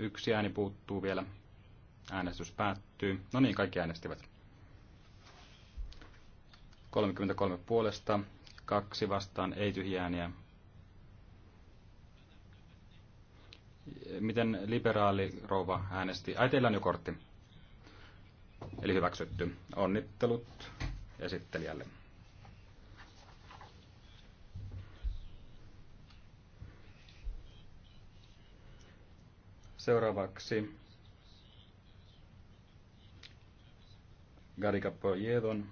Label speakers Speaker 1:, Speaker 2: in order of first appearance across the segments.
Speaker 1: Yksi ääni puuttuu vielä. Äänestys päättyy. No niin, kaikki äänestivät. 33 puolesta, kaksi vastaan, ei tyhjiä ääniä. Miten liberaali rouva äänesti? Ai, teillä on jo kortti. Eli hyväksytty. Onnittelut esittelijälle. Seuraavaksi Garika Pojedon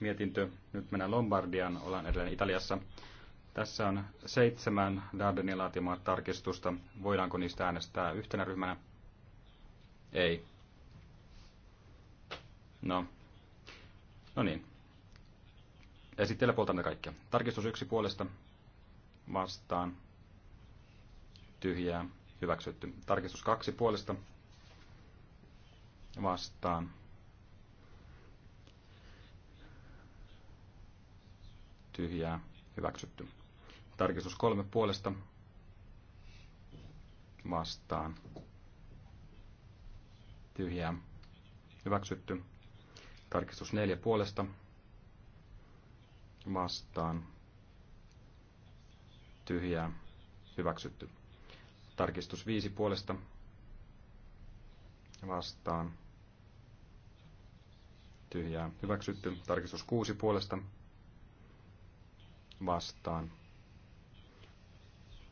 Speaker 1: mietintö. Nyt mennään Lombardiaan, ollaan edelleen Italiassa. Tässä on seitsemän Dardenin laatimaa tarkistusta. Voidaanko niistä äänestää yhtenä ryhmänä? Ei. No. No niin. Esittele puolta kaikkia. Tarkistus yksi puolesta vastaan. Tyhjää hyväksytty. Tarkistus kaksi puolesta vastaan. Tyhjää hyväksytty. Tarkistus kolme puolesta vastaan. Tyhjää hyväksytty. Tarkistus neljä puolesta vastaan. Tyhjää hyväksytty. Tarkistus 5 puolesta vastaan. Tyhjää hyväksytty. Tarkistus 6 puolesta vastaan.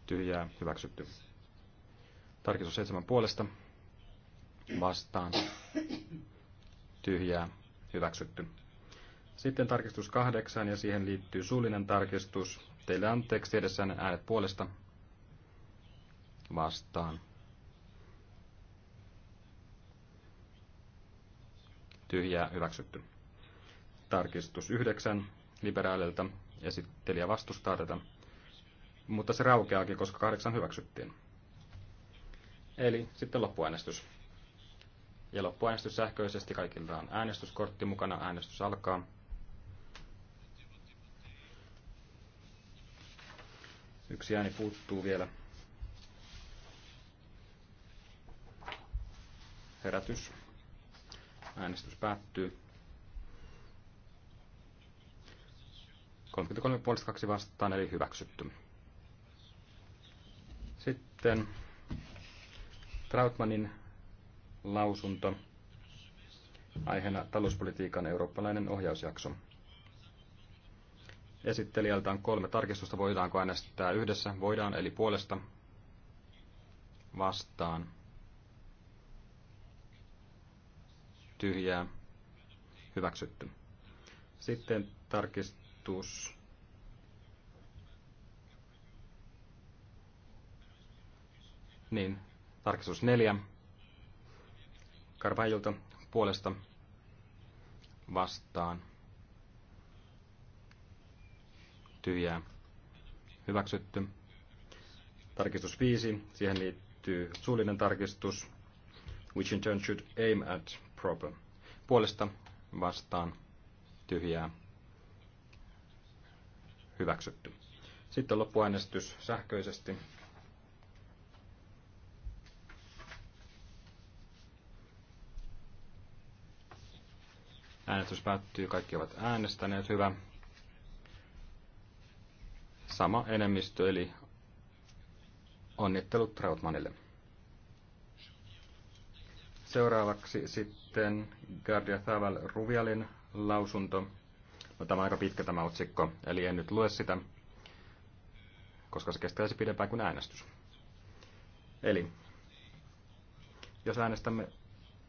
Speaker 1: Tyhjää hyväksytty. Tarkistus 7 puolesta vastaan. Tyhjää hyväksytty. Sitten tarkistus 8 ja siihen liittyy suullinen tarkistus. Teille anteeksi edessään äänet puolesta vastaan. Tyhjää hyväksytty. Tarkistus 9 liberaalilta Esittelijä vastustaa tätä, mutta se raukeakin, koska kahdeksan hyväksyttiin. Eli sitten loppuäänestys. Ja loppuäänestys sähköisesti kaikilla on äänestyskortti mukana. Äänestys alkaa. Yksi ääni puuttuu vielä. herätys. Äänestys päättyy. 33 puolesta 2 vastaan, eli hyväksytty. Sitten Trautmanin lausunto aiheena talouspolitiikan eurooppalainen ohjausjakso. Esittelijältä on kolme tarkistusta. Voidaanko äänestää yhdessä? Voidaan, eli puolesta vastaan. tyhjää hyväksytty. Sitten tarkistus Niin, tarkistus neljä. Karvajilta puolesta vastaan. Tyhjää. Hyväksytty. Tarkistus 5. Siihen liittyy suullinen tarkistus. Which in turn should aim at problem. Puolesta vastaan tyhjää hyväksytty. Sitten loppuäänestys sähköisesti. Äänestys päättyy, kaikki ovat äänestäneet, hyvä. Sama enemmistö, eli onnittelut Trautmanille. Seuraavaksi sitten Gardia Thaval Ruvialin lausunto. No, tämä on aika pitkä tämä otsikko, eli en nyt lue sitä, koska se kestäisi pidempään kuin äänestys. Eli jos äänestämme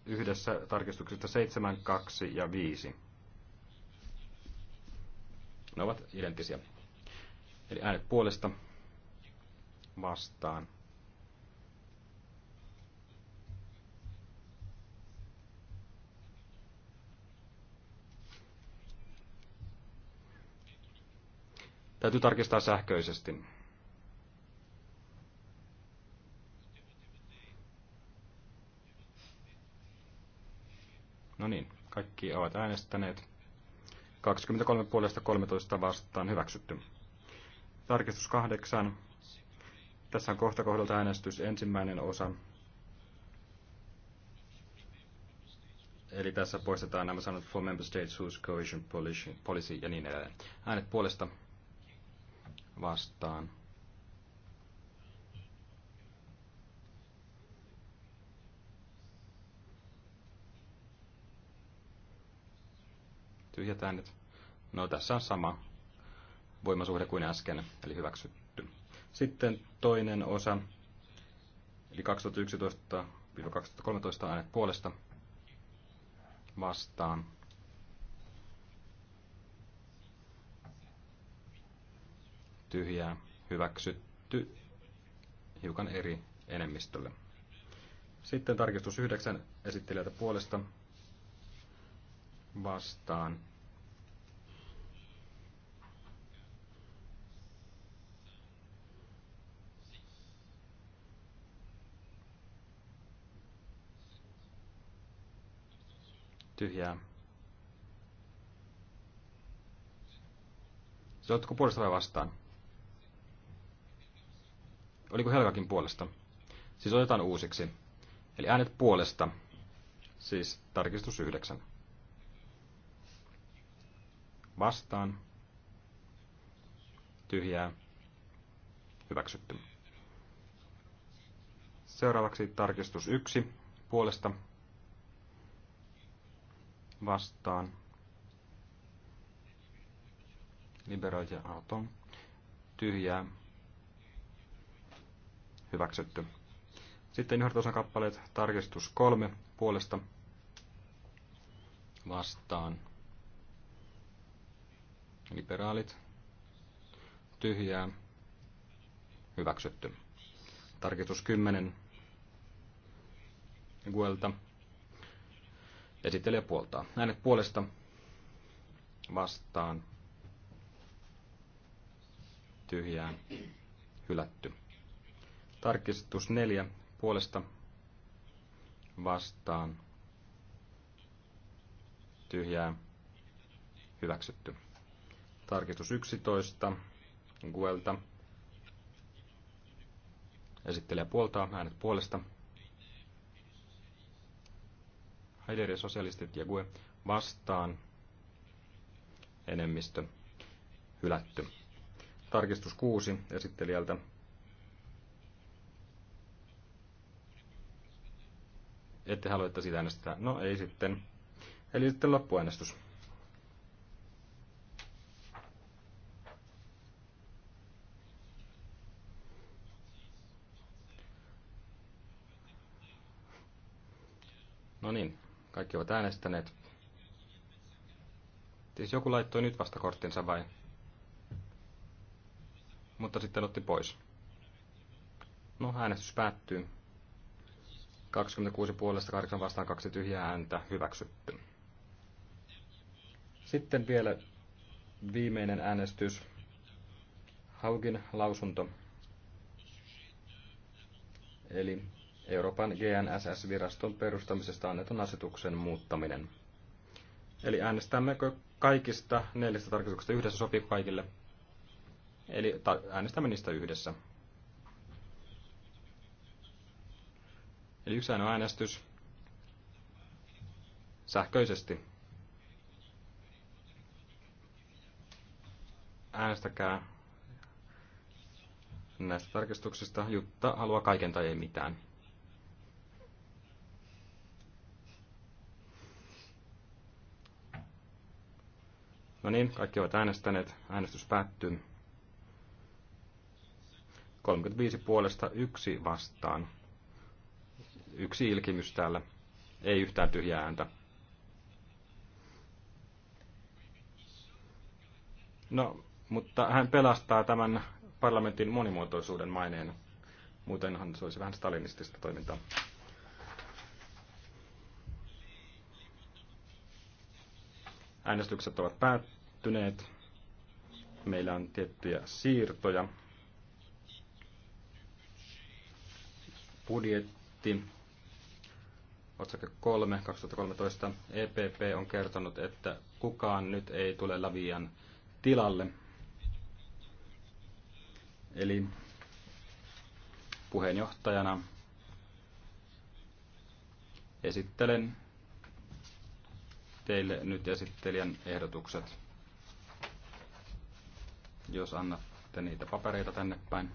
Speaker 1: yhdessä tarkistuksista 7, 2 ja 5, ne ovat identtisiä. Eli äänet puolesta vastaan Täytyy tarkistaa sähköisesti. No niin, kaikki ovat äänestäneet. 23 puolesta 13 vastaan hyväksytty. Tarkistus 8. Tässä on kohta kohdalta äänestys ensimmäinen osa. Eli tässä poistetaan nämä sanot for member states whose cohesion policy, policy ja niin edelleen. Äänet puolesta vastaan. Tyhjät äänet. No tässä on sama voimasuhde kuin äsken, eli hyväksytty. Sitten toinen osa, eli 2011-2013 aineet puolesta vastaan. tyhjää hyväksytty hiukan eri enemmistölle. Sitten tarkistus yhdeksän esittelijältä puolesta vastaan. Tyhjää. Se oletko puolesta vai vastaan? Oliko Helgakin puolesta? Siis otetaan uusiksi. Eli äänet puolesta, siis tarkistus 9. Vastaan. Tyhjää. Hyväksytty. Seuraavaksi tarkistus 1 puolesta. Vastaan. ja auton. Tyhjää hyväksytty. Sitten johdatusosaan kappaleet tarkistus kolme puolesta vastaan. Liberaalit. Tyhjää. Hyväksytty. Tarkistus 10. Guelta. Esittelee puoltaa. Äänet puolesta vastaan. Tyhjää. Hylätty. Tarkistus neljä puolesta vastaan tyhjää hyväksytty. Tarkistus 11 Guelta. esittelee puoltaa äänet puolesta. Haideri sosialistit ja Gue vastaan enemmistö hylätty. Tarkistus 6 esittelijältä Ette halua, että siitä äänestetään. No ei sitten. Eli sitten loppuäänestys. No niin, kaikki ovat äänestäneet. Siis joku laittoi nyt vasta korttinsa vai? Mutta sitten otti pois. No, äänestys päättyy. 26 puolesta 8 vastaan 2 tyhjää ääntä hyväksytty. Sitten vielä viimeinen äänestys. Haugin lausunto. Eli Euroopan GNSS-viraston perustamisesta annetun asetuksen muuttaminen. Eli äänestämmekö kaikista neljästä tarkoituksesta yhdessä sopii kaikille? Eli äänestämme niistä yhdessä. ja yksi ainoa äänestys sähköisesti. Äänestäkää näistä tarkistuksista. Jutta haluaa kaiken tai ei mitään. No niin, kaikki ovat äänestäneet. Äänestys päättyy. 35 puolesta yksi vastaan. Yksi ilkimys täällä. Ei yhtään tyhjää ääntä. No, mutta hän pelastaa tämän parlamentin monimuotoisuuden maineen. Muutenhan se olisi vähän stalinistista toimintaa. Äänestykset ovat päättyneet. Meillä on tiettyjä siirtoja. Budjetti otsake 3 2013 EPP on kertonut, että kukaan nyt ei tule Lavian tilalle. Eli puheenjohtajana esittelen teille nyt esittelijän ehdotukset, jos annatte niitä papereita tänne päin.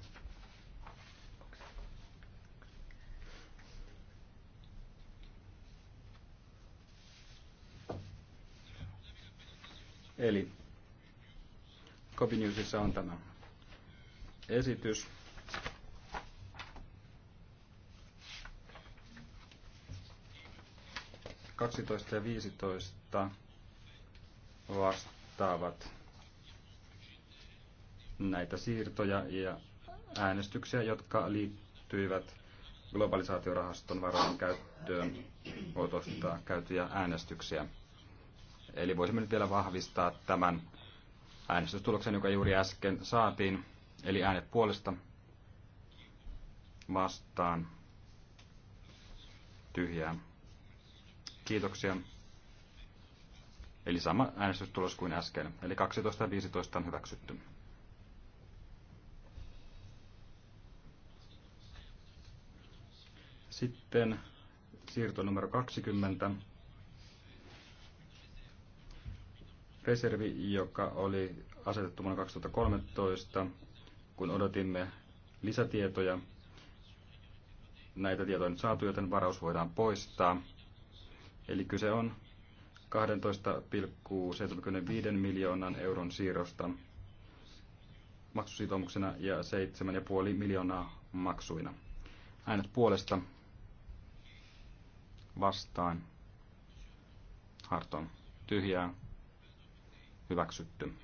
Speaker 1: Eli Copinewsissa on tämä esitys. Kaksitoista ja 15 vastaavat näitä siirtoja ja äänestyksiä, jotka liittyivät globalisaatiorahaston varojen käyttöön otosta käytyjä äänestyksiä. Eli voisimme nyt vielä vahvistaa tämän äänestystuloksen, joka juuri äsken saatiin. Eli äänet puolesta vastaan tyhjää. Kiitoksia. Eli sama äänestystulos kuin äsken. Eli 12 ja 15 on hyväksytty. Sitten siirto numero 20. reservi, joka oli asetettu vuonna 2013, kun odotimme lisätietoja. Näitä tietoja on nyt saatu, joten varaus voidaan poistaa. Eli kyse on 12,75 miljoonan euron siirrosta maksusitoumuksena ja 7,5 miljoonaa maksuina. Äänet puolesta vastaan. Harton tyhjää hyväksytty.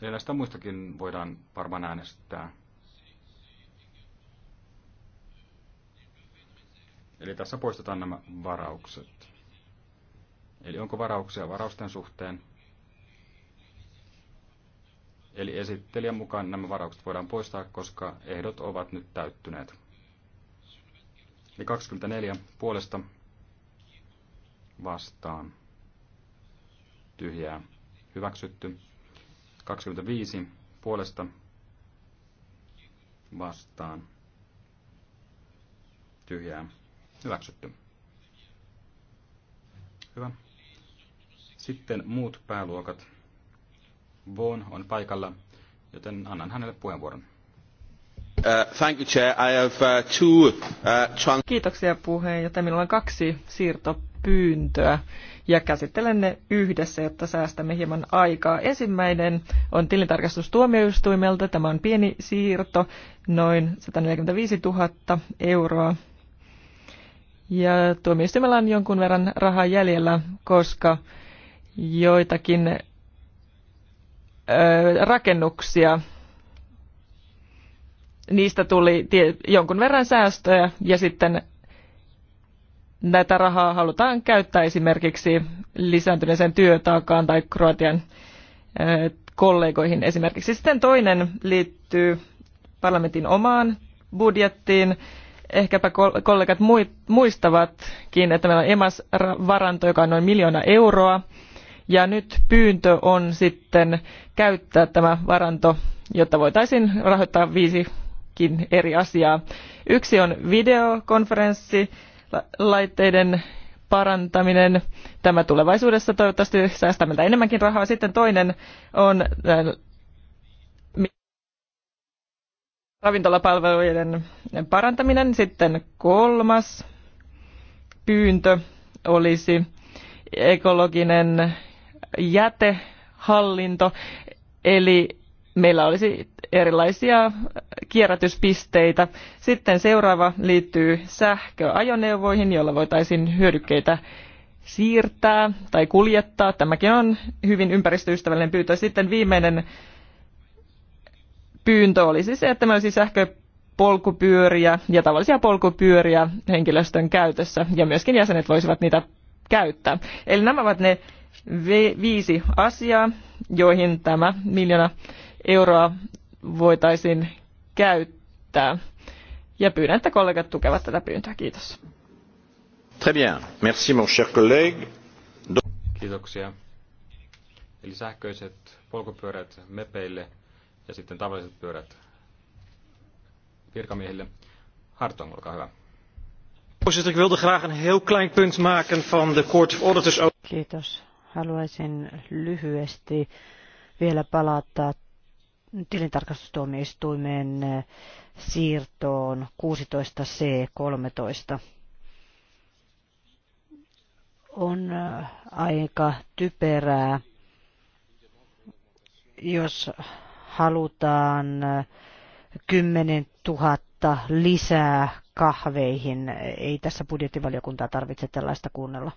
Speaker 1: Ja näistä muistakin voidaan varmaan äänestää. Eli tässä poistetaan nämä varaukset. Eli onko varauksia varausten suhteen? Eli esittelijän mukaan nämä varaukset voidaan poistaa, koska ehdot ovat nyt täyttyneet. Eli 24 puolesta vastaan tyhjää hyväksytty. 25 puolesta vastaan tyhjää hyväksytty. Hyvä. Sitten muut pääluokat. Vaughn on paikalla, joten annan hänelle puheenvuoron.
Speaker 2: Kiitoksia puheenjohtaja. Minulla on kaksi siirtopyyntöä ja käsittelen ne yhdessä, jotta säästämme hieman aikaa. Ensimmäinen on tilintarkastus tuomioistuimelta. Tämä on pieni siirto, noin 145 000 euroa. Ja tuomioistuimella on jonkun verran rahaa jäljellä, koska joitakin rakennuksia niistä tuli jonkun verran säästöjä ja sitten näitä rahaa halutaan käyttää esimerkiksi lisääntyneeseen työtaakaan tai Kroatian eh, kollegoihin esimerkiksi. Sitten toinen liittyy parlamentin omaan budjettiin. Ehkäpä kollegat muistavatkin, että meillä on EMAS-varanto, joka on noin miljoona euroa. Ja nyt pyyntö on sitten käyttää tämä varanto, jotta voitaisiin rahoittaa viisi kaksikin eri asiaa. Yksi on videokonferenssilaitteiden parantaminen. Tämä tulevaisuudessa toivottavasti säästää meiltä enemmänkin rahaa. Sitten toinen on äh, ravintolapalvelujen parantaminen. Sitten kolmas pyyntö olisi ekologinen jätehallinto, eli meillä olisi erilaisia kierrätyspisteitä. Sitten seuraava liittyy sähköajoneuvoihin, joilla voitaisiin hyödykkeitä siirtää tai kuljettaa. Tämäkin on hyvin ympäristöystävällinen pyyntö. Sitten viimeinen pyyntö olisi se, että meillä olisi sähköpolkupyöriä ja tavallisia polkupyöriä henkilöstön käytössä ja myöskin jäsenet voisivat niitä käyttää. Eli nämä ovat ne viisi asiaa, joihin tämä miljoona euroa voitaisiin käyttää. Ja pyydän, että kollegat tukevat tätä pyyntöä. Kiitos.
Speaker 3: Très bien. Merci, mon cher collègue.
Speaker 1: Kiitoksia. Eli sähköiset polkupyörät mepeille ja sitten tavalliset pyörät virkamiehille. Hartong, olkaa hyvä.
Speaker 3: Voorzitter, ik wilde graag een heel klein punt maken van de Court of Auditors. Kiitos. Haluaisin lyhyesti vielä palata tilintarkastustuomioistuimen eh, siirtoon 16C13 on eh, aika typerää, jos halutaan 10 eh, 000 uutta lisää kahveihin. Ei tässä budjettivaliokuntaa tarvitse tällaista kuunnella.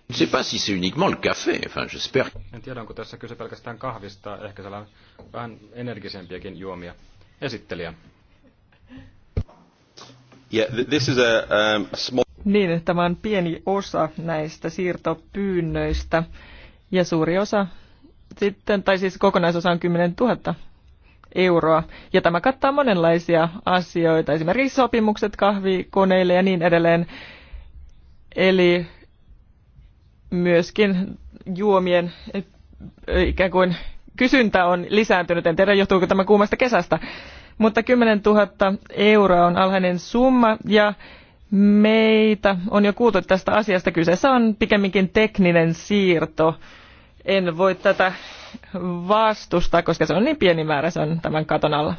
Speaker 3: En
Speaker 1: tiedä, onko tässä kyse pelkästään kahvista, ehkä sellainen vähän energisempiäkin juomia. Esittelijä.
Speaker 2: Yeah, this is a, um, small... Niin, tämä on pieni osa näistä siirtopyynnöistä ja suuri osa sitten, tai siis kokonaisosa on 10 000 euroa. Ja tämä kattaa monenlaisia asioita, esimerkiksi sopimukset kahvikoneille ja niin edelleen. Eli myöskin juomien eh, ikään kuin kysyntä on lisääntynyt. En tiedä, johtuuko tämä kuumasta kesästä. Mutta 10 000 euroa on alhainen summa ja meitä on jo kuultu tästä asiasta. Kyseessä on pikemminkin tekninen siirto en voi tätä vastustaa, koska se on niin pieni määrä, se on tämän katon alla.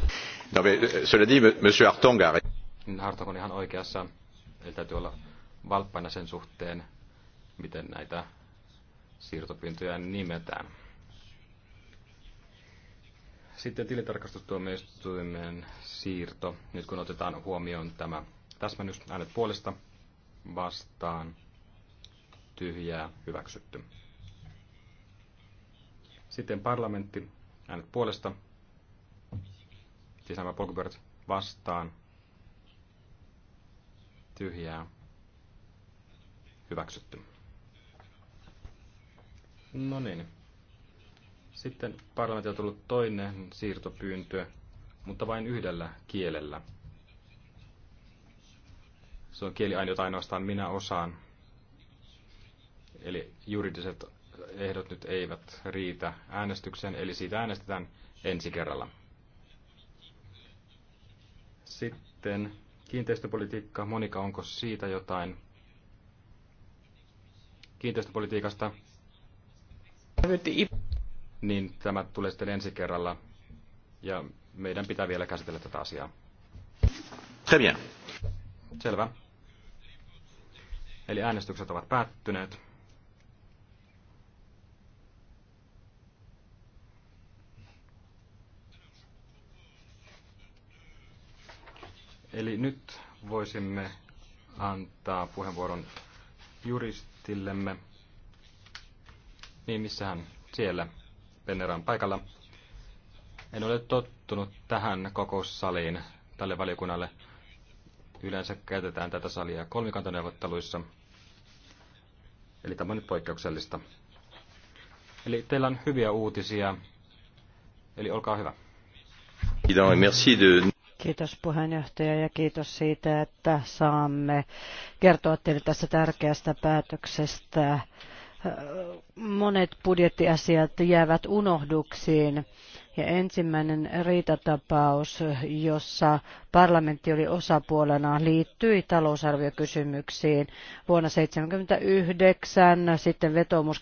Speaker 3: No,
Speaker 1: se oli dit, monsieur Hartong, niin, Hartong on ihan oikeassa. Eli täytyy olla valppaina sen suhteen, miten näitä siirtopintoja nimetään. Sitten tilitarkastustuomioistuimen siirto. Nyt kun otetaan huomioon tämä täsmennys, äänet puolesta vastaan, tyhjää, hyväksytty. Sitten parlamentti, äänet puolesta. Siis nämä polkupyörät vastaan. Tyhjää. Hyväksytty. No niin. Sitten parlamentti on tullut toinen siirtopyyntö, mutta vain yhdellä kielellä. Se on kieliaine, jota ainoastaan minä osaan. Eli juridiset ehdot nyt eivät riitä äänestykseen, eli siitä äänestetään ensi kerralla. Sitten kiinteistöpolitiikka. Monika, onko siitä jotain? Kiinteistöpolitiikasta. Niin tämä tulee sitten ensi kerralla. Ja meidän pitää vielä käsitellä tätä asiaa. Très bien. Selvä. Eli äänestykset ovat päättyneet. Eli nyt voisimme antaa puheenvuoron juristillemme. Niin, missähän siellä Penneran paikalla. En ole tottunut tähän kokoussaliin tälle valiokunnalle. Yleensä käytetään tätä salia kolmikantaneuvotteluissa. Eli tämä on nyt poikkeuksellista. Eli teillä on hyviä uutisia. Eli olkaa hyvä.
Speaker 3: Merci de... Kiitos puheenjohtaja ja kiitos siitä, että saamme kertoa teille tästä tärkeästä päätöksestä. Monet budjettiasiat jäävät unohduksiin. Ja ensimmäinen riitatapaus, jossa parlamentti oli osapuolena, liittyi talousarviokysymyksiin vuonna 1979, sitten vetoomus 82-83,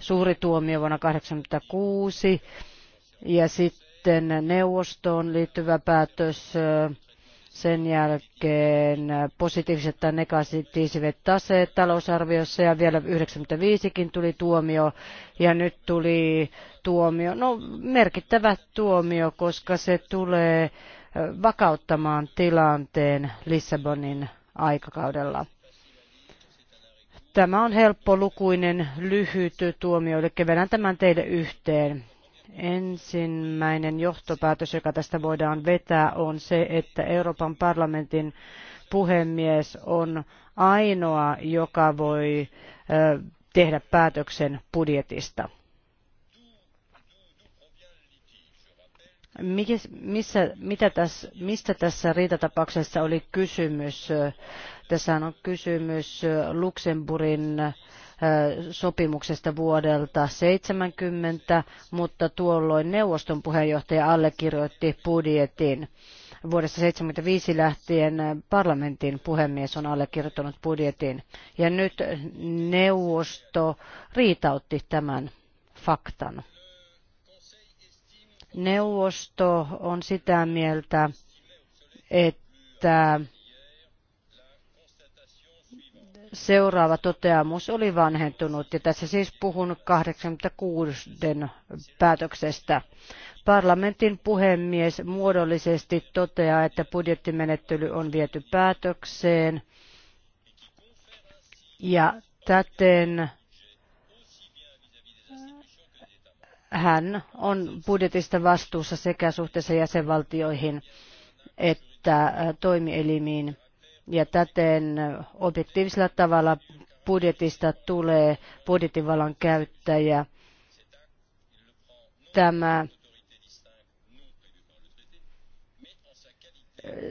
Speaker 3: suuri tuomio vuonna 1986 ja sitten sitten neuvostoon liittyvä päätös, sen jälkeen positiiviset tai negatiiviset taseet talousarviossa ja vielä 95kin tuli tuomio ja nyt tuli tuomio, no merkittävä tuomio, koska se tulee vakauttamaan tilanteen Lissabonin aikakaudella. Tämä on lukuinen lyhyt tuomio, eli vedän tämän teille yhteen. Ensimmäinen johtopäätös, joka tästä voidaan vetää, on se, että Euroopan parlamentin puhemies on ainoa, joka voi tehdä päätöksen budjetista. Missä, mitä tässä, mistä tässä riitatapauksessa oli kysymys? Tässä on kysymys Luxemburgin sopimuksesta vuodelta 70, mutta tuolloin neuvoston puheenjohtaja allekirjoitti budjetin. Vuodesta 75 lähtien parlamentin puhemies on allekirjoittanut budjetin. Ja nyt neuvosto riitautti tämän faktan. Neuvosto on sitä mieltä, että seuraava toteamus oli vanhentunut. Ja tässä siis puhun 86 päätöksestä. Parlamentin puhemies muodollisesti toteaa, että budjettimenettely on viety päätökseen. Ja täten hän on budjetista vastuussa sekä suhteessa jäsenvaltioihin että toimielimiin ja täten objektiivisella tavalla budjetista tulee budjettivallan käyttäjä. Tämä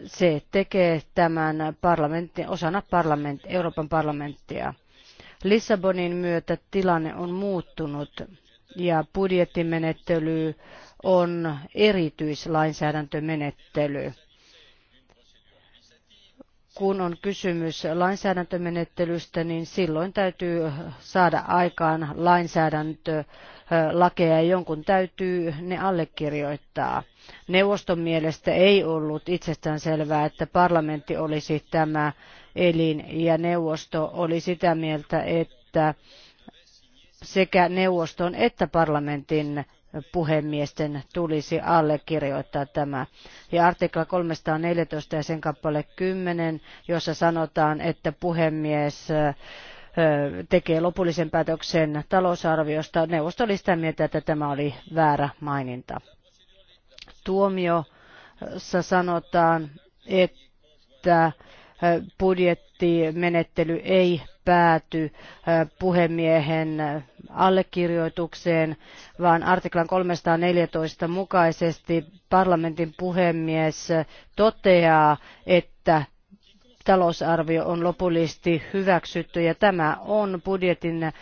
Speaker 3: se tekee tämän parlamentti, osana parlament, Euroopan parlamenttia. Lissabonin myötä tilanne on muuttunut ja budjettimenettely on erityislainsäädäntömenettely kun on kysymys lainsäädäntömenettelystä, niin silloin täytyy saada aikaan lainsäädäntölakeja lakeja ja jonkun täytyy ne allekirjoittaa. Neuvoston mielestä ei ollut itsestään selvää, että parlamentti olisi tämä elin ja neuvosto oli sitä mieltä, että sekä neuvoston että parlamentin puhemiesten tulisi allekirjoittaa tämä. Ja artikla 314 ja sen kappale 10, jossa sanotaan, että puhemies tekee lopullisen päätöksen talousarviosta. Neuvosto oli sitä mieltä, että tämä oli väärä maininta. Tuomiossa sanotaan, että budjettimenettely ei pääty puhemiehen allekirjoitukseen, vaan artiklan 314 mukaisesti parlamentin puhemies toteaa, että talousarvio on lopullisesti hyväksytty ja tämä on budjetin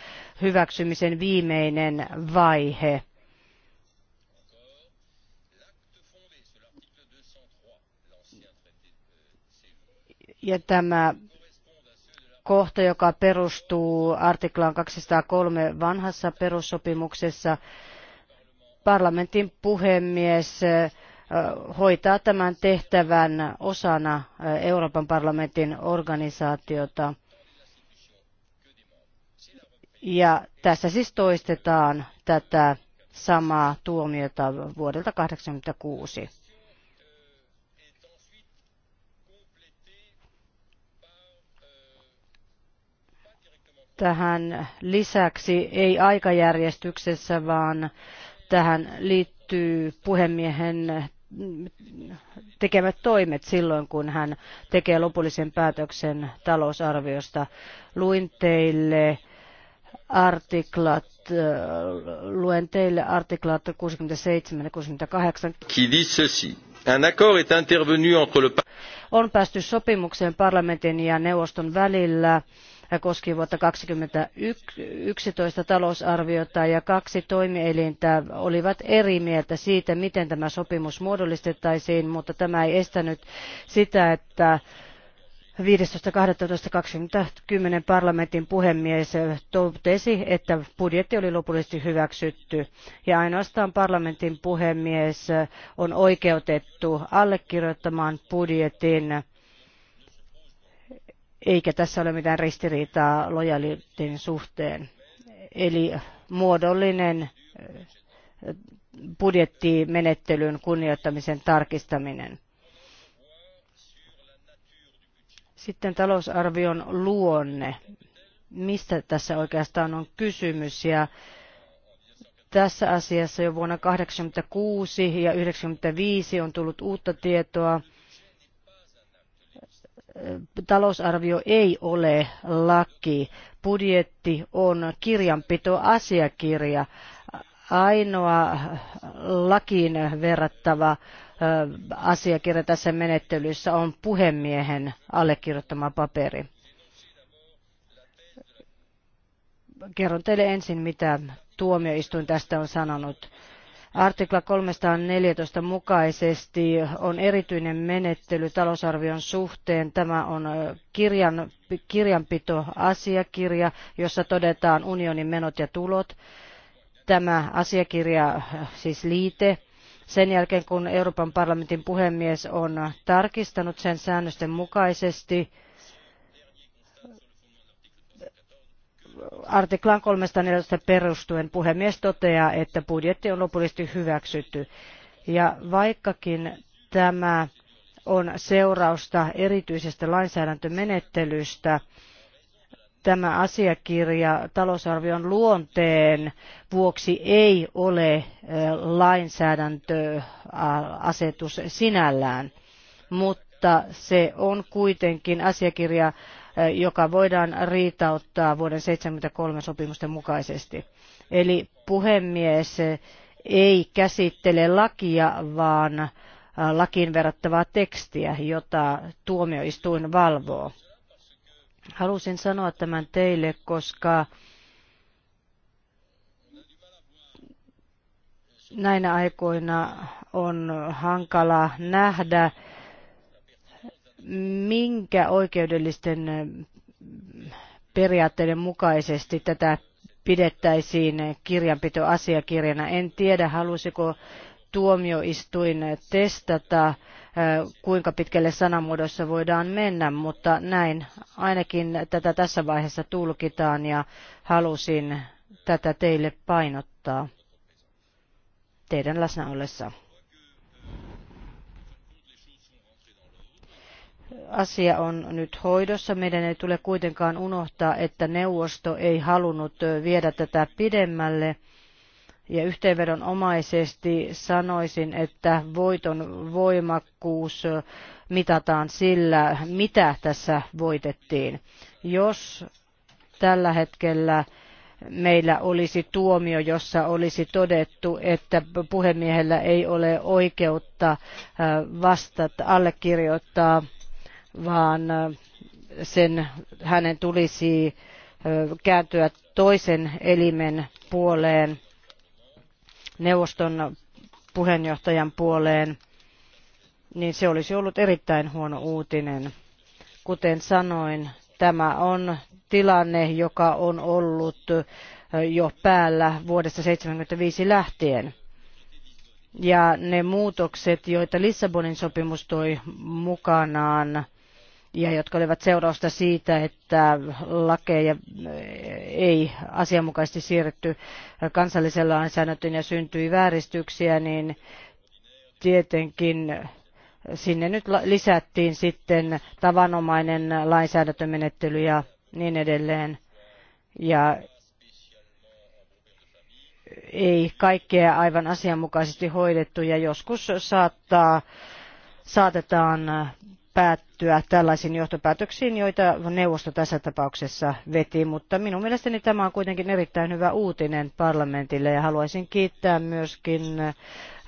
Speaker 3: hyväksymisen viimeinen vaihe. Ja tämä kohta, joka perustuu artiklaan 203 vanhassa perussopimuksessa, parlamentin puhemies hoitaa tämän tehtävän osana Euroopan parlamentin organisaatiota. Ja tässä siis toistetaan tätä samaa tuomiota vuodelta 1986. tähän lisäksi, ei aikajärjestyksessä, vaan tähän liittyy puhemiehen tekemät toimet silloin, kun hän tekee lopullisen päätöksen talousarviosta. Luin teille artiklat, luen teille artiklat 67 ja 68. Qui dit ceci. Un accord est intervenu entre le... On päästy sopimukseen parlamentin ja neuvoston välillä koski vuotta 2011 talousarviota ja kaksi toimielintä olivat eri mieltä siitä, miten tämä sopimus muodollistettaisiin, mutta tämä ei estänyt sitä, että 15.12.2010 parlamentin puhemies totesi, että budjetti oli lopullisesti hyväksytty ja ainoastaan parlamentin puhemies on oikeutettu allekirjoittamaan budjetin eikä tässä ole mitään ristiriitaa lojaliteetin suhteen. Eli muodollinen budjettimenettelyn kunnioittamisen tarkistaminen. Sitten talousarvion luonne. Mistä tässä oikeastaan on kysymys? Ja tässä asiassa jo vuonna 1986 ja 1995 on tullut uutta tietoa talousarvio ei ole laki. Budjetti on kirjanpitoasiakirja. Ainoa lakiin verrattava asiakirja tässä menettelyssä on puhemiehen allekirjoittama paperi. Kerron teille ensin, mitä tuomioistuin tästä on sanonut. Artikla 314 mukaisesti on erityinen menettely talousarvion suhteen. Tämä on kirjan, kirjanpitoasiakirja, jossa todetaan unionin menot ja tulot. Tämä asiakirja, siis liite, sen jälkeen kun Euroopan parlamentin puhemies on tarkistanut sen säännösten mukaisesti, artiklaan 314 perustuen puhemies toteaa, että budjetti on lopullisesti hyväksytty. Ja vaikkakin tämä on seurausta erityisestä lainsäädäntömenettelystä, tämä asiakirja talousarvion luonteen vuoksi ei ole lainsäädäntöasetus sinällään, mutta se on kuitenkin asiakirja joka voidaan riitauttaa vuoden 1973 sopimusten mukaisesti. Eli puhemies ei käsittele lakia, vaan lakiin verrattavaa tekstiä, jota tuomioistuin valvoo. Halusin sanoa tämän teille, koska näinä aikoina on hankala nähdä minkä oikeudellisten eh, periaatteiden mukaisesti tätä pidettäisiin kirjanpitoasiakirjana. En tiedä, halusiko tuomioistuin testata, eh, kuinka pitkälle sanamuodossa voidaan mennä, mutta näin ainakin tätä tässä vaiheessa tulkitaan ja halusin tätä teille painottaa teidän läsnä ollessa. asia on nyt hoidossa. Meidän ei tule kuitenkaan unohtaa, että neuvosto ei halunnut viedä tätä pidemmälle. Ja yhteenvedonomaisesti sanoisin, että voiton voimakkuus mitataan sillä, mitä tässä voitettiin. Jos tällä hetkellä meillä olisi tuomio, jossa olisi todettu, että puhemiehellä ei ole oikeutta vastata, allekirjoittaa vaan sen, hänen tulisi kääntyä toisen elimen puoleen, neuvoston puheenjohtajan puoleen, niin se olisi ollut erittäin huono uutinen. Kuten sanoin, tämä on tilanne, joka on ollut jo päällä vuodesta 1975 lähtien. Ja ne muutokset, joita Lissabonin sopimus toi mukanaan, ja jotka olivat seurausta siitä, että lakeja ei asianmukaisesti siirretty kansallisella lainsäädäntöön ja syntyi vääristyksiä, niin tietenkin sinne nyt lisättiin sitten tavanomainen lainsäädäntömenettely ja niin edelleen. Ja ei kaikkea aivan asianmukaisesti hoidettu ja joskus saattaa, saatetaan päättyä tällaisiin johtopäätöksiin, joita neuvosto tässä tapauksessa veti, mutta minun mielestäni tämä on kuitenkin erittäin hyvä uutinen parlamentille ja haluaisin kiittää myöskin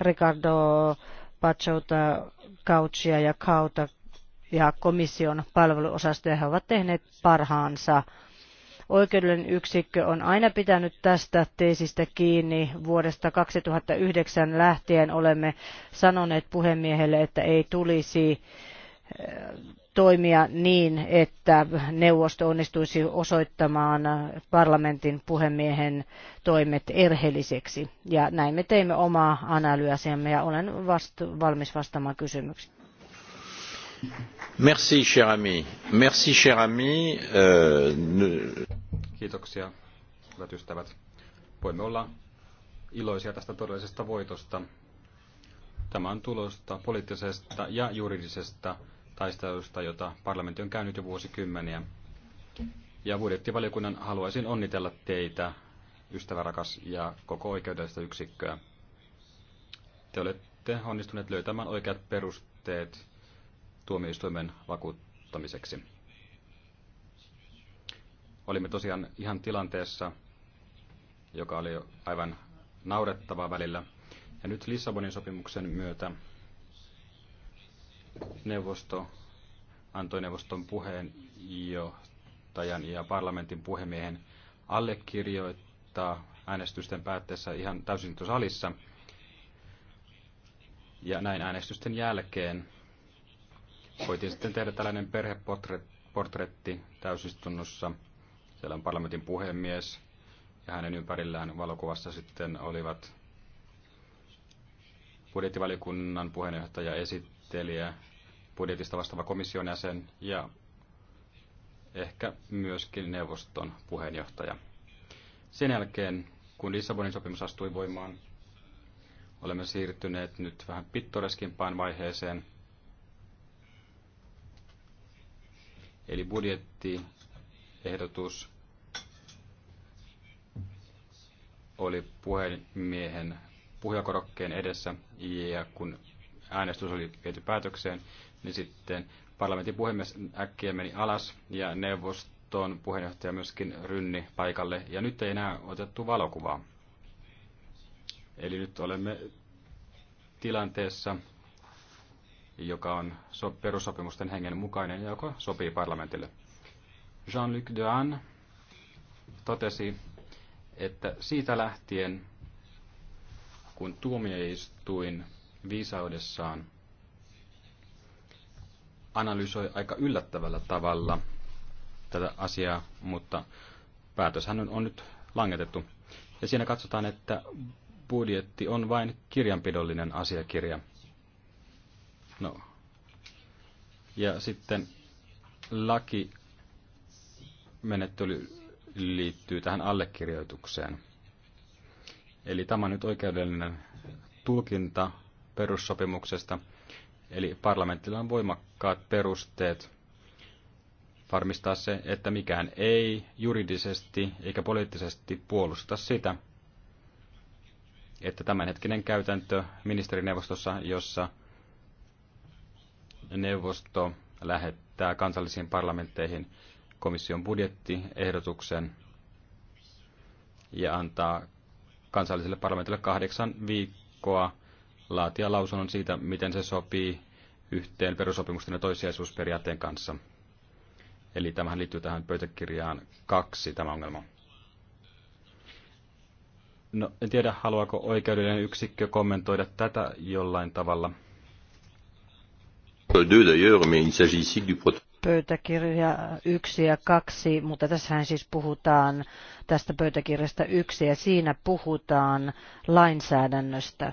Speaker 3: Ricardo Pachouta, Couchia ja Kauta ja komission palveluosastoja. He ovat tehneet parhaansa. Oikeudellinen yksikkö on aina pitänyt tästä teesistä kiinni. Vuodesta 2009 lähtien olemme sanoneet puhemiehelle, että ei tulisi toimia niin, että neuvosto onnistuisi osoittamaan parlamentin puhemiehen toimet erheelliseksi. Ja näin me teimme omaa analyysiämme ja olen vastu, valmis vastaamaan kysymyksiin. Merci, cher ami. Merci, cher ami.
Speaker 1: Äh, Kiitoksia, hyvät ystävät. Voimme olla iloisia tästä todellisesta voitosta. Tämä on tulosta poliittisesta ja juridisesta taistelusta, jota parlamentti on käynyt jo vuosikymmeniä. Ja budjettivaliokunnan haluaisin onnitella teitä, ystävärakas ja koko oikeudellista yksikköä. Te olette onnistuneet löytämään oikeat perusteet tuomioistuimen vakuuttamiseksi. Olimme tosiaan ihan tilanteessa, joka oli aivan naurettava välillä. Ja nyt Lissabonin sopimuksen myötä neuvosto antoi neuvoston puheenjohtajan ja parlamentin puhemiehen allekirjoittaa äänestysten päätteessä ihan täysin salissa. Ja näin äänestysten jälkeen voitiin sitten tehdä tällainen perheportretti täysistunnossa. Siellä on parlamentin puhemies ja hänen ympärillään valokuvassa sitten olivat budjettivaliokunnan puheenjohtaja, esittelijä, budjetista vastaava komission jäsen ja ehkä myöskin neuvoston puheenjohtaja. Sen jälkeen, kun Lissabonin sopimus astui voimaan, olemme siirtyneet nyt vähän pittoreskimpaan vaiheeseen. Eli budjettiehdotus oli puhemiehen puhujakorokkeen edessä ja kun äänestys oli viety päätökseen, niin sitten parlamentin puhemies äkkiä meni alas ja neuvoston puheenjohtaja myöskin rynni paikalle ja nyt ei enää otettu valokuvaa. Eli nyt olemme tilanteessa, joka on perussopimusten hengen mukainen ja joka sopii parlamentille. Jean-Luc Dehan totesi, että siitä lähtien, kun tuomioistuin viisaudessaan analysoi aika yllättävällä tavalla tätä asiaa, mutta päätöshän on nyt langetettu. Ja siinä katsotaan, että budjetti on vain kirjanpidollinen asiakirja. No. Ja sitten laki menettely liittyy tähän allekirjoitukseen. Eli tämä on nyt oikeudellinen tulkinta perussopimuksesta, Eli parlamentilla on voimakkaat perusteet varmistaa se, että mikään ei juridisesti eikä poliittisesti puolusta sitä, että tämänhetkinen käytäntö ministerineuvostossa, jossa neuvosto lähettää kansallisiin parlamentteihin komission budjettiehdotuksen ja antaa kansalliselle parlamentille kahdeksan viikkoa laatia lausunnon siitä, miten se sopii yhteen perusopimusten ja toissijaisuusperiaatteen kanssa. Eli tämähän liittyy tähän pöytäkirjaan kaksi tämä ongelma. No, en tiedä, haluaako oikeudellinen yksikkö kommentoida tätä jollain tavalla.
Speaker 3: Pöytäkirja 1 ja 2, mutta tässähän siis puhutaan tästä pöytäkirjasta 1 ja siinä puhutaan lainsäädännöstä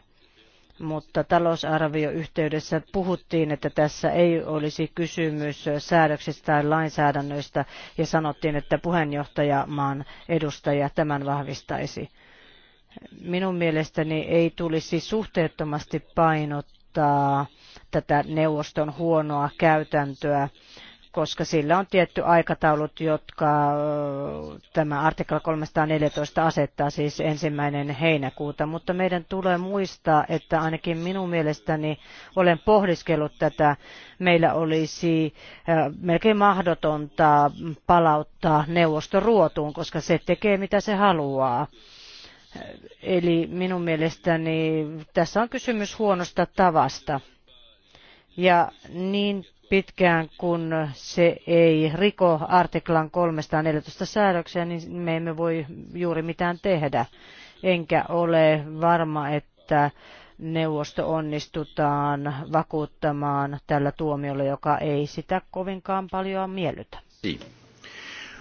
Speaker 3: mutta talousarvioyhteydessä puhuttiin, että tässä ei olisi kysymys säädöksistä tai lainsäädännöistä ja sanottiin, että puheenjohtajamaan edustaja tämän vahvistaisi. Minun mielestäni ei tulisi suhteettomasti painottaa tätä neuvoston huonoa käytäntöä koska sillä on tietty aikataulut, jotka tämä artikla 314 asettaa siis ensimmäinen heinäkuuta. Mutta meidän tulee muistaa, että ainakin minun mielestäni olen pohdiskellut tätä. Meillä olisi melkein mahdotonta palauttaa neuvosto ruotuun, koska se tekee mitä se haluaa. Eli minun mielestäni tässä on kysymys huonosta tavasta. Ja niin pitkään kun se ei riko artiklan 314 säädöksiä, niin me emme voi juuri mitään tehdä. Enkä ole varma, että neuvosto onnistutaan vakuuttamaan tällä tuomiolla, joka ei sitä kovinkaan paljon miellytä.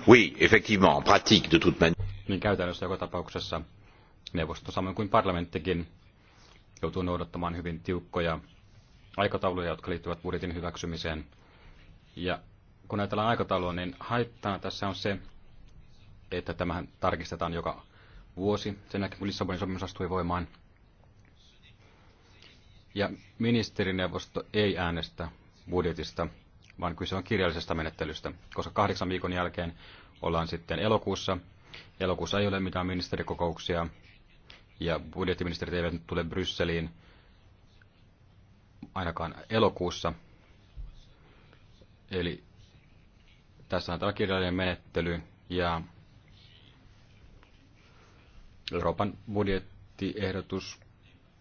Speaker 1: Oui, effectivement, pratique de toute manière. Niin käytännössä joka tapauksessa neuvosto samoin kuin parlamenttikin joutuu noudattamaan hyvin tiukkoja aikatauluja, jotka liittyvät budjetin hyväksymiseen. Ja kun ajatellaan aikataulua, niin haittaa tässä on se, että tämähän tarkistetaan joka vuosi sen jälkeen, kun Lissabonin sopimus astui voimaan. Ja ministerineuvosto ei äänestä budjetista, vaan kyse on kirjallisesta menettelystä, koska kahdeksan viikon jälkeen ollaan sitten elokuussa. Elokuussa ei ole mitään ministerikokouksia, ja budjettiministerit eivät nyt tule Brysseliin ainakaan elokuussa. Eli tässä on tämä kirjallinen menettely ja Euroopan budjettiehdotus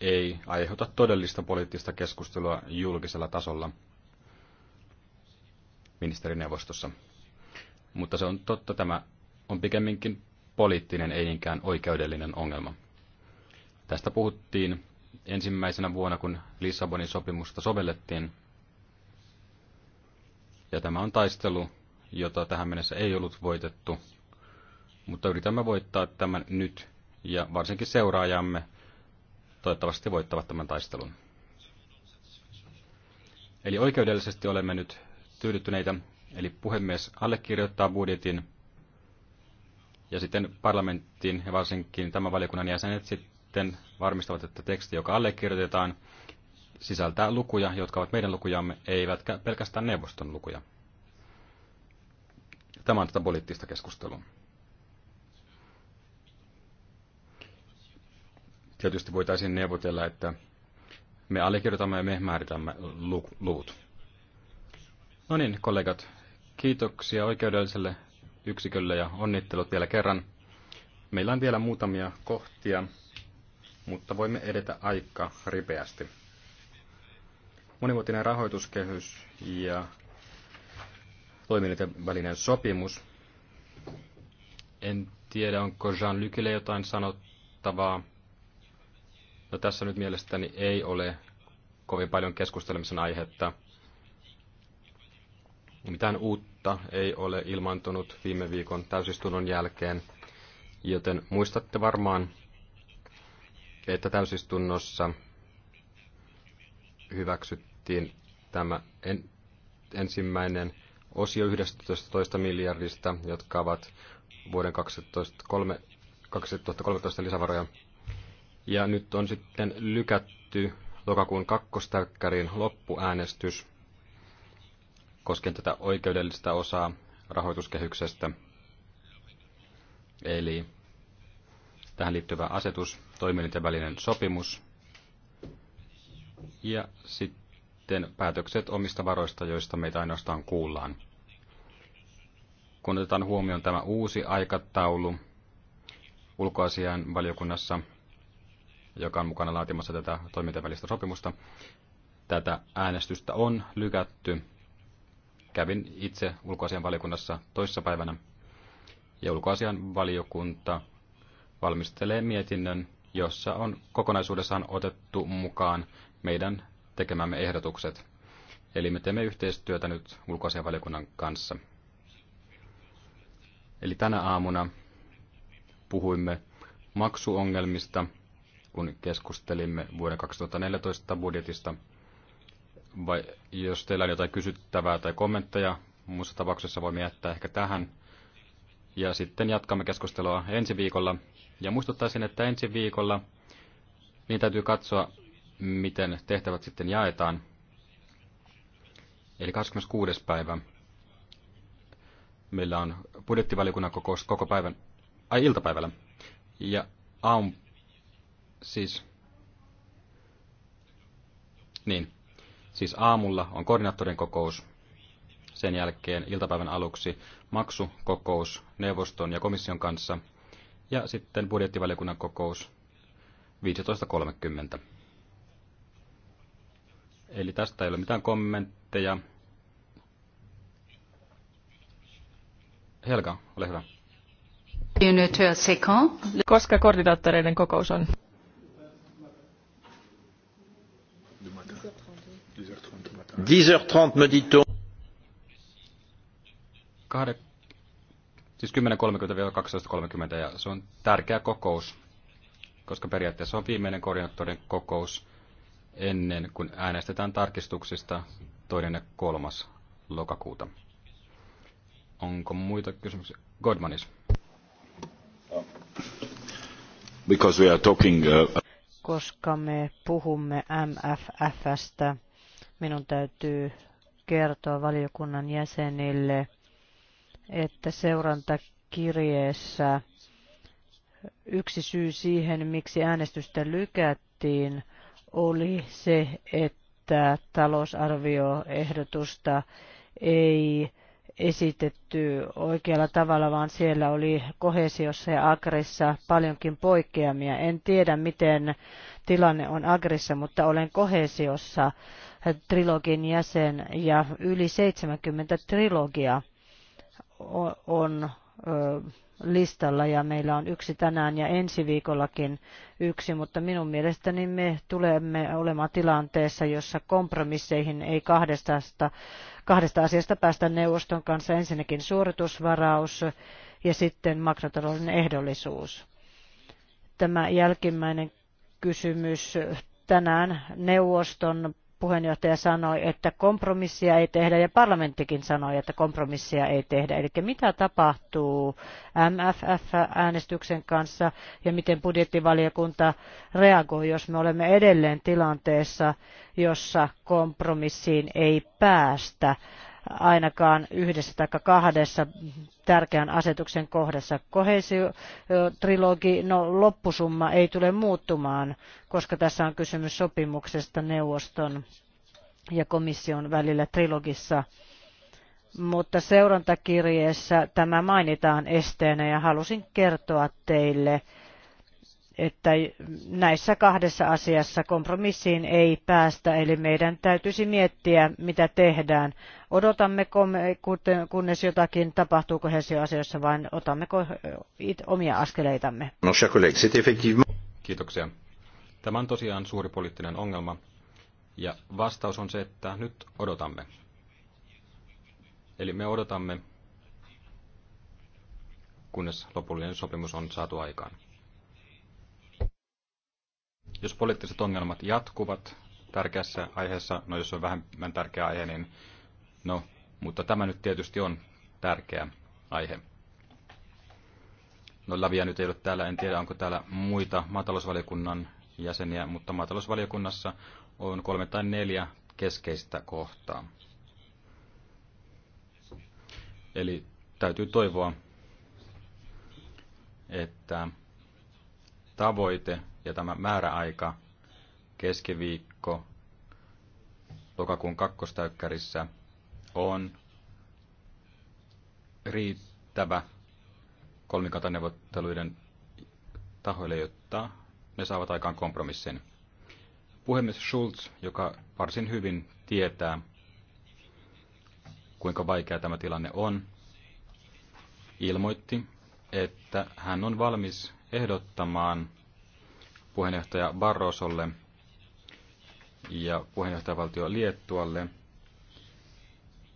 Speaker 1: ei aiheuta todellista poliittista keskustelua julkisella tasolla ministerineuvostossa. Mutta se on totta, tämä on pikemminkin poliittinen, ei niinkään oikeudellinen ongelma. Tästä puhuttiin ensimmäisenä vuonna, kun Lissabonin sopimusta sovellettiin. Ja tämä on taistelu, jota tähän mennessä ei ollut voitettu, mutta yritämme voittaa tämän nyt ja varsinkin seuraajamme toivottavasti voittavat tämän taistelun. Eli oikeudellisesti olemme nyt tyydyttyneitä, eli puhemies allekirjoittaa budjetin ja sitten parlamenttiin ja varsinkin tämän valiokunnan jäsenet sitten sitten varmistavat, että teksti, joka allekirjoitetaan, sisältää lukuja, jotka ovat meidän lukujamme, eivätkä pelkästään neuvoston lukuja. Tämä on tätä poliittista keskustelua. Tietysti voitaisiin neuvotella, että me allekirjoitamme ja me määritämme luvut. No niin, kollegat, kiitoksia oikeudelliselle yksikölle ja onnittelut vielä kerran. Meillä on vielä muutamia kohtia mutta voimme edetä aika ripeästi. Monivuotinen rahoituskehys ja toimijoiden välinen sopimus. En tiedä, onko Jean-Lucille jotain sanottavaa. No tässä nyt mielestäni ei ole kovin paljon keskustelemisen aihetta. Mitään uutta ei ole ilmantunut viime viikon täysistunnon jälkeen, joten muistatte varmaan, että täysistunnossa hyväksyttiin tämä en, ensimmäinen osio 11 miljardista, jotka ovat vuoden 2003, 2013 lisävaroja. Ja nyt on sitten lykätty lokakuun kakkostäkkärin loppuäänestys koskien tätä oikeudellista osaa rahoituskehyksestä, eli tähän liittyvä asetus toimielinten välinen sopimus ja sitten päätökset omista varoista, joista meitä ainoastaan kuullaan. Kun otetaan huomioon tämä uusi aikataulu ulkoasian valiokunnassa, joka on mukana laatimassa tätä toimintavälistä sopimusta, tätä äänestystä on lykätty. Kävin itse ulkoasian valiokunnassa toissapäivänä ja ulkoasian valiokunta valmistelee mietinnön jossa on kokonaisuudessaan otettu mukaan meidän tekemämme ehdotukset. Eli me teemme yhteistyötä nyt ulkoasianvaliokunnan kanssa. Eli tänä aamuna puhuimme maksuongelmista, kun keskustelimme vuoden 2014 budjetista. Vai jos teillä on jotain kysyttävää tai kommentteja, muussa tapauksessa voimme jättää ehkä tähän. Ja sitten jatkamme keskustelua ensi viikolla ja muistuttaisin, että ensi viikolla niin täytyy katsoa, miten tehtävät sitten jaetaan. Eli 26. päivä. Meillä on budjettivaliokunnan kokous koko päivän, ai iltapäivällä. Ja aamu, siis, niin, siis aamulla on koordinaattorin kokous. Sen jälkeen iltapäivän aluksi maksukokous neuvoston ja komission kanssa – ja sitten budjettivaliokunnan kokous 15.30. Eli tästä ei ole mitään kommentteja. Helga, ole hyvä.
Speaker 2: Koska koordinaattoreiden kokous on?
Speaker 1: Dix heures trente me dit-on. Siis 10.30-12.30 ja se on tärkeä kokous, koska periaatteessa on viimeinen koordinaattorin kokous ennen kuin äänestetään tarkistuksista toinen ja kolmas lokakuuta. Onko muita kysymyksiä? Godmanis. Because we are talking,
Speaker 3: uh... Koska me puhumme MFFstä, minun täytyy kertoa valiokunnan jäsenille – että seurantakirjeessä yksi syy siihen, miksi äänestystä lykättiin, oli se, että talousarvioehdotusta ei esitetty oikealla tavalla, vaan siellä oli kohesiossa ja agrissa paljonkin poikkeamia. En tiedä, miten tilanne on agrissa, mutta olen kohesiossa trilogin jäsen ja yli 70 trilogia on listalla ja meillä on yksi tänään ja ensi viikollakin yksi, mutta minun mielestäni me tulemme olemaan tilanteessa, jossa kompromisseihin ei kahdesta, kahdesta asiasta päästä neuvoston kanssa. Ensinnäkin suoritusvaraus ja sitten makrotalouden ehdollisuus. Tämä jälkimmäinen kysymys tänään neuvoston puheenjohtaja sanoi, että kompromissia ei tehdä ja parlamenttikin sanoi, että kompromissia ei tehdä. Eli mitä tapahtuu MFF-äänestyksen kanssa ja miten budjettivaliokunta reagoi, jos me olemme edelleen tilanteessa, jossa kompromissiin ei päästä ainakaan yhdessä tai kahdessa tärkeän asetuksen kohdassa. Kohesiotrilogi, no loppusumma ei tule muuttumaan, koska tässä on kysymys sopimuksesta neuvoston ja komission välillä trilogissa mutta seurantakirjeessä tämä mainitaan esteenä ja halusin kertoa teille että näissä kahdessa asiassa kompromissiin ei päästä, eli meidän täytyisi miettiä, mitä tehdään. Odotammeko, kunnes jotakin tapahtuu kohesioasioissa, vai otammeko eh, omia askeleitamme?
Speaker 1: No, Kiitoksia. Tämä on tosiaan suuri poliittinen ongelma, ja vastaus on se, että nyt odotamme. Eli me odotamme, kunnes lopullinen sopimus on saatu aikaan. Jos poliittiset ongelmat jatkuvat tärkeässä aiheessa, no jos on vähemmän tärkeä aihe, niin no, mutta tämä nyt tietysti on tärkeä aihe. No Lavia nyt ei ole täällä, en tiedä onko täällä muita maatalousvaliokunnan jäseniä, mutta maatalousvaliokunnassa on kolme tai neljä keskeistä kohtaa. Eli täytyy toivoa, että tavoite ja tämä määräaika keskiviikko lokakuun kakkostäykkärissä on riittävä kolmikantaneuvotteluiden tahoille, jotta ne saavat aikaan kompromissin. Puhemies Schulz, joka varsin hyvin tietää, kuinka vaikea tämä tilanne on, ilmoitti, että hän on valmis ehdottamaan puheenjohtaja Barrosolle ja puheenjohtajavaltio Liettualle,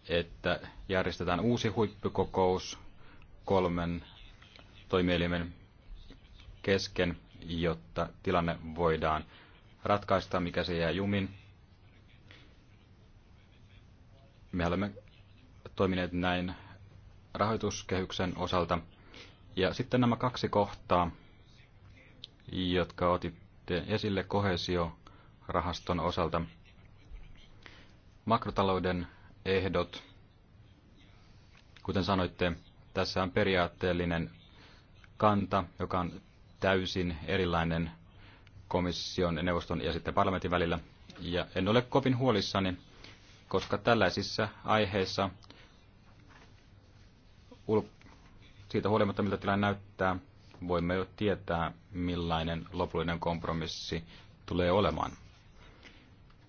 Speaker 1: että järjestetään uusi huippukokous kolmen toimielimen kesken, jotta tilanne voidaan ratkaista, mikä se jää jumin. Me olemme toimineet näin rahoituskehyksen osalta. Ja sitten nämä kaksi kohtaa, jotka otitte esille rahaston osalta. Makrotalouden ehdot, kuten sanoitte, tässä on periaatteellinen kanta, joka on täysin erilainen komission, neuvoston ja sitten parlamentin välillä. Ja en ole kovin huolissani, koska tällaisissa aiheissa siitä huolimatta, miltä tilanne näyttää, voimme jo tietää, millainen lopullinen kompromissi tulee olemaan.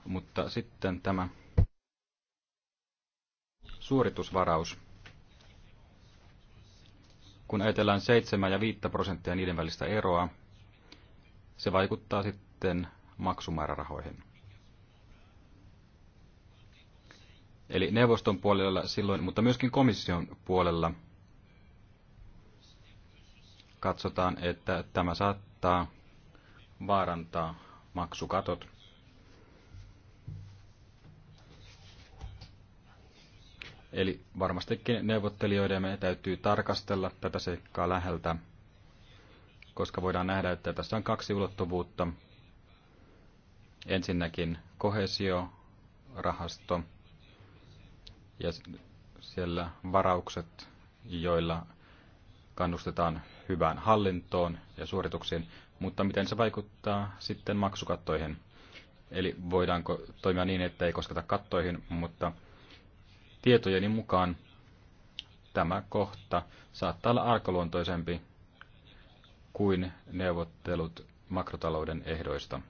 Speaker 1: Mutta sitten tämä suoritusvaraus. Kun ajatellaan 7 ja 5 prosenttia niiden välistä eroa, se vaikuttaa sitten maksumäärärahoihin. Eli neuvoston puolella silloin, mutta myöskin komission puolella – katsotaan, että tämä saattaa vaarantaa maksukatot. Eli varmastikin neuvottelijoidemme täytyy tarkastella tätä seikkaa läheltä, koska voidaan nähdä, että tässä on kaksi ulottuvuutta. Ensinnäkin kohesiorahasto ja siellä varaukset, joilla kannustetaan hyvään hallintoon ja suorituksiin, mutta miten se vaikuttaa sitten maksukattoihin? Eli voidaanko toimia niin, että ei kosketa kattoihin, mutta tietojeni mukaan tämä kohta saattaa olla arkaluontoisempi kuin neuvottelut makrotalouden ehdoista.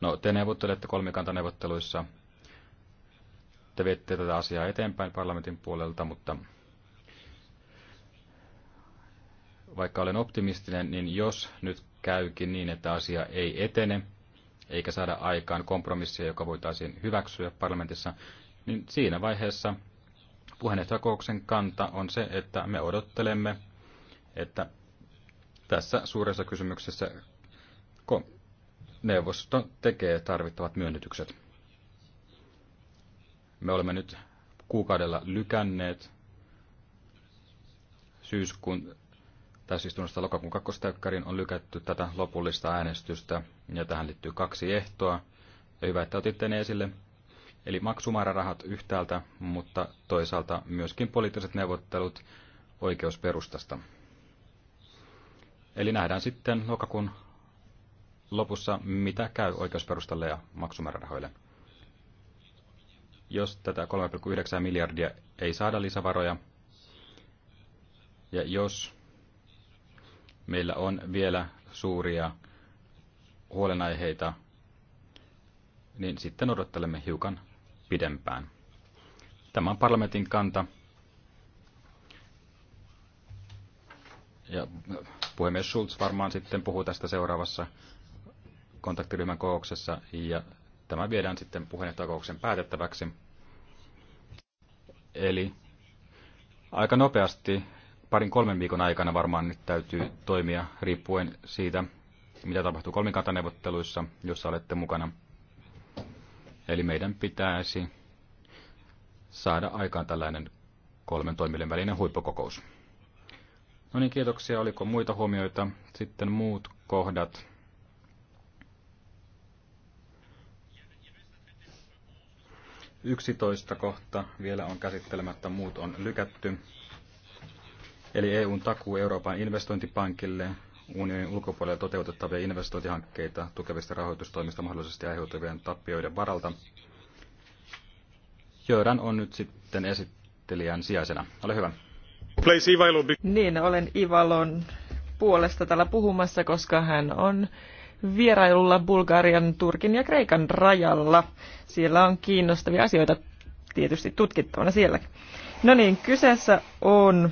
Speaker 1: No, te neuvottelette kolmikantaneuvotteluissa, te viette tätä asiaa eteenpäin parlamentin puolelta, mutta vaikka olen optimistinen, niin jos nyt käykin niin, että asia ei etene, eikä saada aikaan kompromissia, joka voitaisiin hyväksyä parlamentissa, niin siinä vaiheessa puheenjohtajakouksen kanta on se, että me odottelemme, että tässä suuressa kysymyksessä neuvosto tekee tarvittavat myönnytykset. Me olemme nyt kuukaudella lykänneet syyskuun täysistunnosta lokakuun kakkostäykkärin on lykätty tätä lopullista äänestystä, ja tähän liittyy kaksi ehtoa. Ja hyvä, että otitte ne esille. Eli maksumäärärahat yhtäältä, mutta toisaalta myöskin poliittiset neuvottelut oikeusperustasta. Eli nähdään sitten lokakuun lopussa, mitä käy oikeusperustalle ja maksumäärärahoille. Jos tätä 3,9 miljardia ei saada lisävaroja, ja jos meillä on vielä suuria huolenaiheita, niin sitten odottelemme hiukan pidempään. Tämä on parlamentin kanta. Ja puhemies Schulz varmaan sitten puhuu tästä seuraavassa kontaktiryhmän kokouksessa ja tämä viedään sitten puheenjohtajakokouksen päätettäväksi. Eli aika nopeasti parin kolmen viikon aikana varmaan nyt täytyy toimia riippuen siitä, mitä tapahtuu kolmikantaneuvotteluissa, jossa olette mukana. Eli meidän pitäisi saada aikaan tällainen kolmen toimilin välinen huippukokous. No niin, kiitoksia. Oliko muita huomioita? Sitten muut kohdat. Yksitoista kohta vielä on käsittelemättä, muut on lykätty eli EUn takuu Euroopan investointipankille unionin ulkopuolella toteutettavia investointihankkeita tukevista rahoitustoimista mahdollisesti aiheutuvien tappioiden varalta. Jöran on
Speaker 2: nyt sitten esittelijän sijaisena. Ole hyvä. Niin, olen Ivalon puolesta täällä puhumassa, koska hän on vierailulla Bulgarian, Turkin ja Kreikan rajalla. Siellä on kiinnostavia asioita tietysti tutkittavana sielläkin. No niin, kyseessä on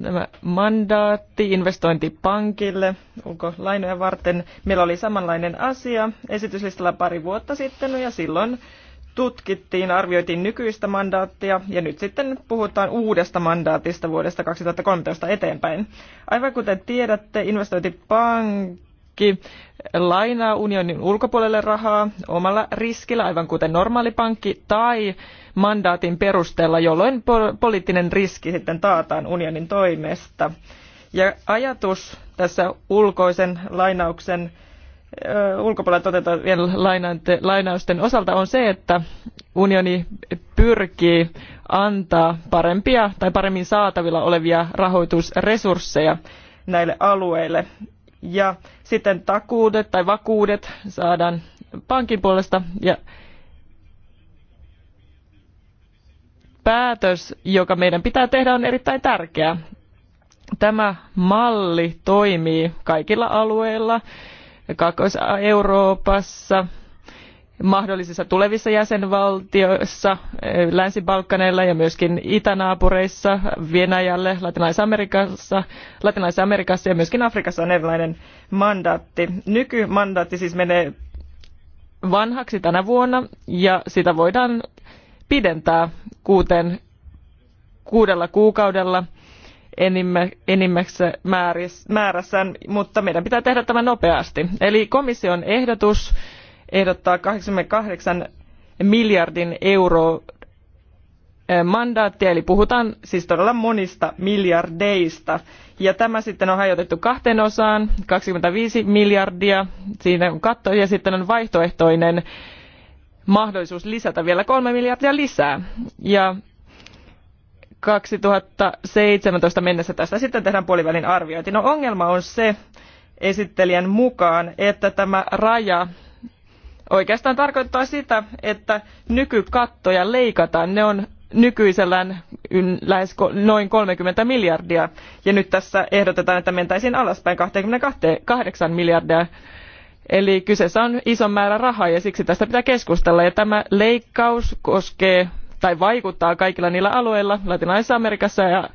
Speaker 2: nämä mandaatti investointipankille ulkolainoja varten. Meillä oli samanlainen asia esityslistalla pari vuotta sitten ja silloin tutkittiin, arvioitiin nykyistä mandaattia ja nyt sitten puhutaan uudesta mandaatista vuodesta 2013 eteenpäin. Aivan kuten tiedätte, investointipankki pankki lainaa unionin ulkopuolelle rahaa omalla riskillä, aivan kuten normaali pankki, tai mandaatin perusteella, jolloin poliittinen riski sitten taataan unionin toimesta. Ja ajatus tässä ulkoisen lainauksen ulkopuolella toteutettujen lainausten osalta on se, että unioni pyrkii antaa parempia tai paremmin saatavilla olevia rahoitusresursseja näille alueille ja sitten takuudet tai vakuudet saadaan pankin puolesta ja päätös, joka meidän pitää tehdä, on erittäin tärkeä. Tämä malli toimii kaikilla alueilla, Kaakkois-Euroopassa, mahdollisissa tulevissa jäsenvaltioissa, eh, Länsi-Balkaneilla ja myöskin itänaapureissa, venäjällä latinalaisessa amerikassa amerikassa ja myöskin Afrikassa on erilainen mandaatti. Nykymandaatti siis menee vanhaksi tänä vuonna ja sitä voidaan pidentää kuuteen, kuudella kuukaudella enimmä, määrässään, mutta meidän pitää tehdä tämä nopeasti. Eli komission ehdotus ehdottaa 88 miljardin euro eh, mandaattia, eli puhutaan siis todella monista miljardeista. Ja tämä sitten on hajotettu kahteen osaan, 25 miljardia, siinä on katto, ja sitten on vaihtoehtoinen mahdollisuus lisätä vielä kolme miljardia lisää. Ja 2017 mennessä tästä sitten tehdään puolivälin arviointi. No ongelma on se esittelijän mukaan, että tämä raja oikeastaan tarkoittaa sitä, että nykykattoja leikataan. Ne on nykyisellään lähes noin 30 miljardia ja nyt tässä ehdotetaan, että mentäisiin alaspäin 28 miljardia. Eli kyseessä on iso määrä rahaa ja siksi tästä pitää keskustella ja tämä leikkaus koskee tai vaikuttaa kaikilla niillä alueilla Latinalaisessa Amerikassa ja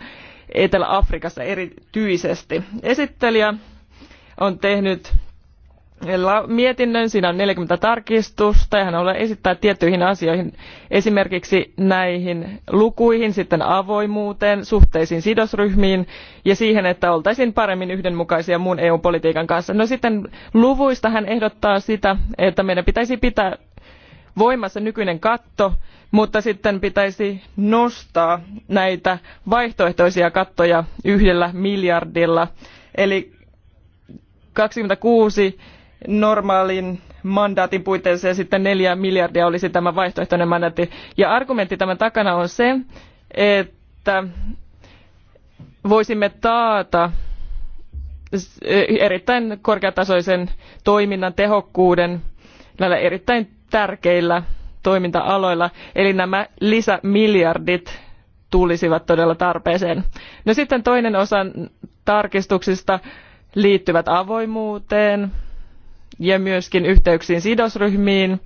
Speaker 2: Etelä-Afrikassa erityisesti. Esittelijä on tehnyt mietinnön, siinä on 40 tarkistusta ja hän haluaa esittää tiettyihin asioihin, esimerkiksi näihin lukuihin, sitten avoimuuteen, suhteisiin sidosryhmiin ja siihen, että oltaisiin paremmin yhdenmukaisia muun EU-politiikan kanssa. No sitten luvuista hän ehdottaa sitä, että meidän pitäisi pitää voimassa nykyinen katto, mutta sitten pitäisi nostaa näitä vaihtoehtoisia kattoja yhdellä miljardilla. Eli 26 normaalin mandaatin puitteissa ja sitten neljä miljardia olisi tämä vaihtoehtoinen mandaatti. Ja argumentti tämän takana on se, että voisimme taata e, erittäin korkeatasoisen toiminnan tehokkuuden näillä erittäin tärkeillä toiminta-aloilla, eli nämä lisämiljardit tulisivat todella tarpeeseen. No sitten toinen osa tarkistuksista liittyvät avoimuuteen, ja myöskin yhteyksiin sidosryhmiin.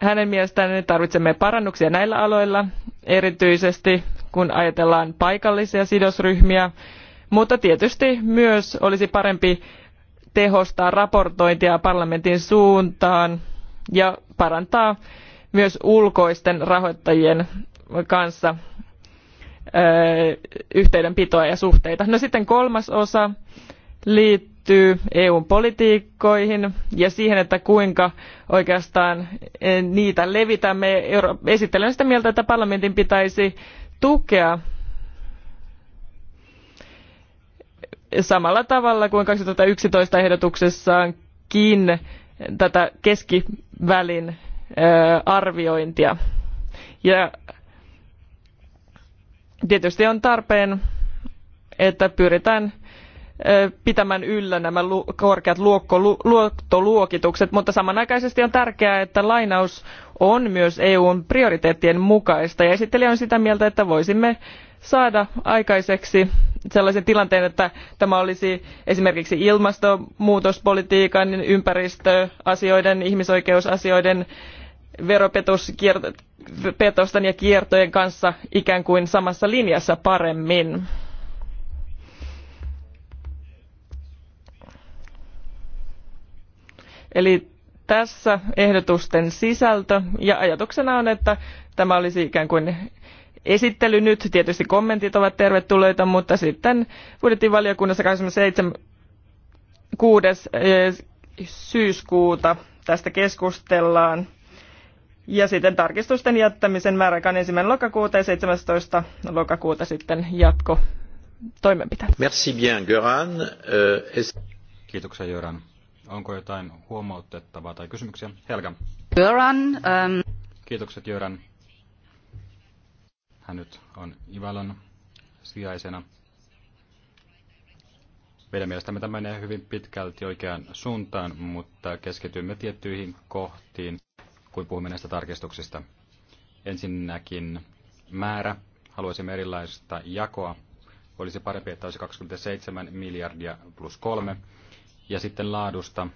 Speaker 2: Hänen mielestään tarvitsemme parannuksia näillä aloilla, erityisesti kun ajatellaan paikallisia sidosryhmiä, mutta tietysti myös olisi parempi tehostaa raportointia parlamentin suuntaan ja parantaa myös ulkoisten rahoittajien kanssa yhteydenpitoa ja suhteita. No sitten kolmas osa liittyy EUn politiikkoihin ja siihen, että kuinka oikeastaan eh, niitä levitämme. Esittelen sitä mieltä, että parlamentin pitäisi tukea samalla tavalla kuin 2011 ehdotuksessaankin tätä keskivälin eh, arviointia. Ja tietysti on tarpeen, että pyritään pitämään yllä nämä korkeat luottoluokitukset mutta samanaikaisesti on tärkeää että lainaus on myös eun prioriteettien mukaista ja esittelijä on sitä mieltä että voisimme saada aikaiseksi sellaisen tilanteen että tämä olisi esimerkiksi ilmastonmuutospolitiikan ympäristöasioiden ihmisoikeusasioiden veropetosten ja kiertojen kanssa ikään kuin samassa linjassa paremmin. Eli tässä ehdotusten sisältö ja ajatuksena on, että tämä olisi ikään kuin esittely nyt. Tietysti kommentit ovat tervetulleita, mutta sitten budjettivaliokunnassa 27. Eh, syyskuuta tästä keskustellaan. Ja sitten tarkistusten jättämisen on ensimmäinen lokakuuta ja 17. lokakuuta sitten jatko toimenpiteet.
Speaker 1: Merci bien, Göran. Euh, Kiitoksia, Göran. Onko jotain huomautettavaa tai kysymyksiä? Helga.
Speaker 2: Jöran. Um... Ähm,
Speaker 1: Kiitokset Jöran. Hän nyt on Ivalon sijaisena. Meidän mielestämme tämä menee hyvin pitkälti oikeaan suuntaan, mutta keskitymme tiettyihin kohtiin, kun puhumme näistä tarkistuksista. Ensinnäkin määrä. Haluaisimme erilaista jakoa. Olisi parempi, että olisi 27 miljardia plus kolme ja sitten laadusta.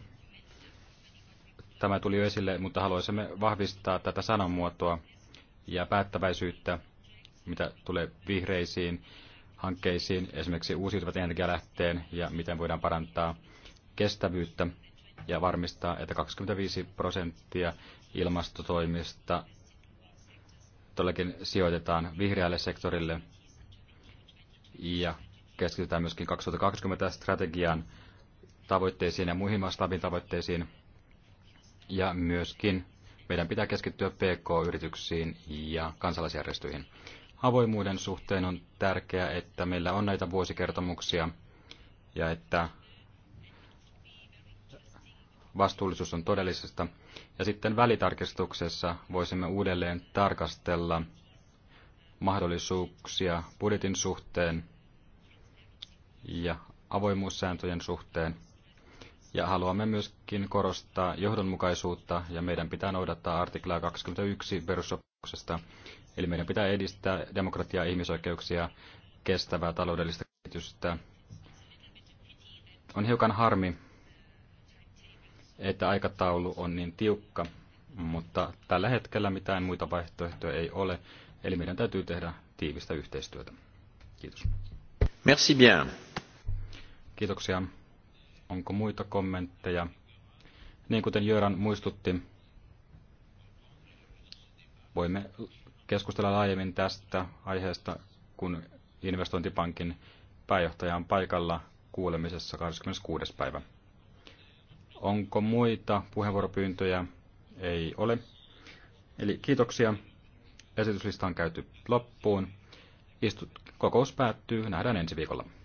Speaker 1: Tämä tuli jo esille, mutta haluaisimme vahvistaa tätä sananmuotoa ja päättäväisyyttä, mitä tulee vihreisiin hankkeisiin, esimerkiksi uusiutuvat energialähteen ja miten voidaan parantaa kestävyyttä ja varmistaa, että 25 prosenttia ilmastotoimista todellakin sijoitetaan vihreälle sektorille ja keskitytään myöskin 2020 strategian tavoitteisiin ja muihin vastaaviin tavoitteisiin. Ja myöskin meidän pitää keskittyä PK-yrityksiin ja kansalaisjärjestöihin. Avoimuuden suhteen on tärkeää, että meillä on näitä vuosikertomuksia ja että vastuullisuus on todellisesta. Ja sitten välitarkistuksessa voisimme uudelleen tarkastella mahdollisuuksia budjetin suhteen ja avoimuussääntöjen suhteen. Ja haluamme myöskin korostaa johdonmukaisuutta ja meidän pitää noudattaa artiklaa 21 perussopimuksesta. Eli meidän pitää edistää demokratiaa, ihmisoikeuksia, kestävää taloudellista kehitystä. On hiukan harmi, että aikataulu on niin tiukka, mutta tällä hetkellä mitään muita vaihtoehtoja ei ole, eli meidän täytyy tehdä tiivistä yhteistyötä. Kiitos. Merci bien. Kiitoksia. Onko muita kommentteja? Niin kuten Jöran muistutti, voimme keskustella laajemmin tästä aiheesta, kun investointipankin pääjohtaja on paikalla kuulemisessa 26. päivä. Onko muita puheenvuoropyyntöjä? Ei ole. Eli kiitoksia. Esityslista on käyty loppuun. Istut, kokous päättyy. Nähdään ensi viikolla.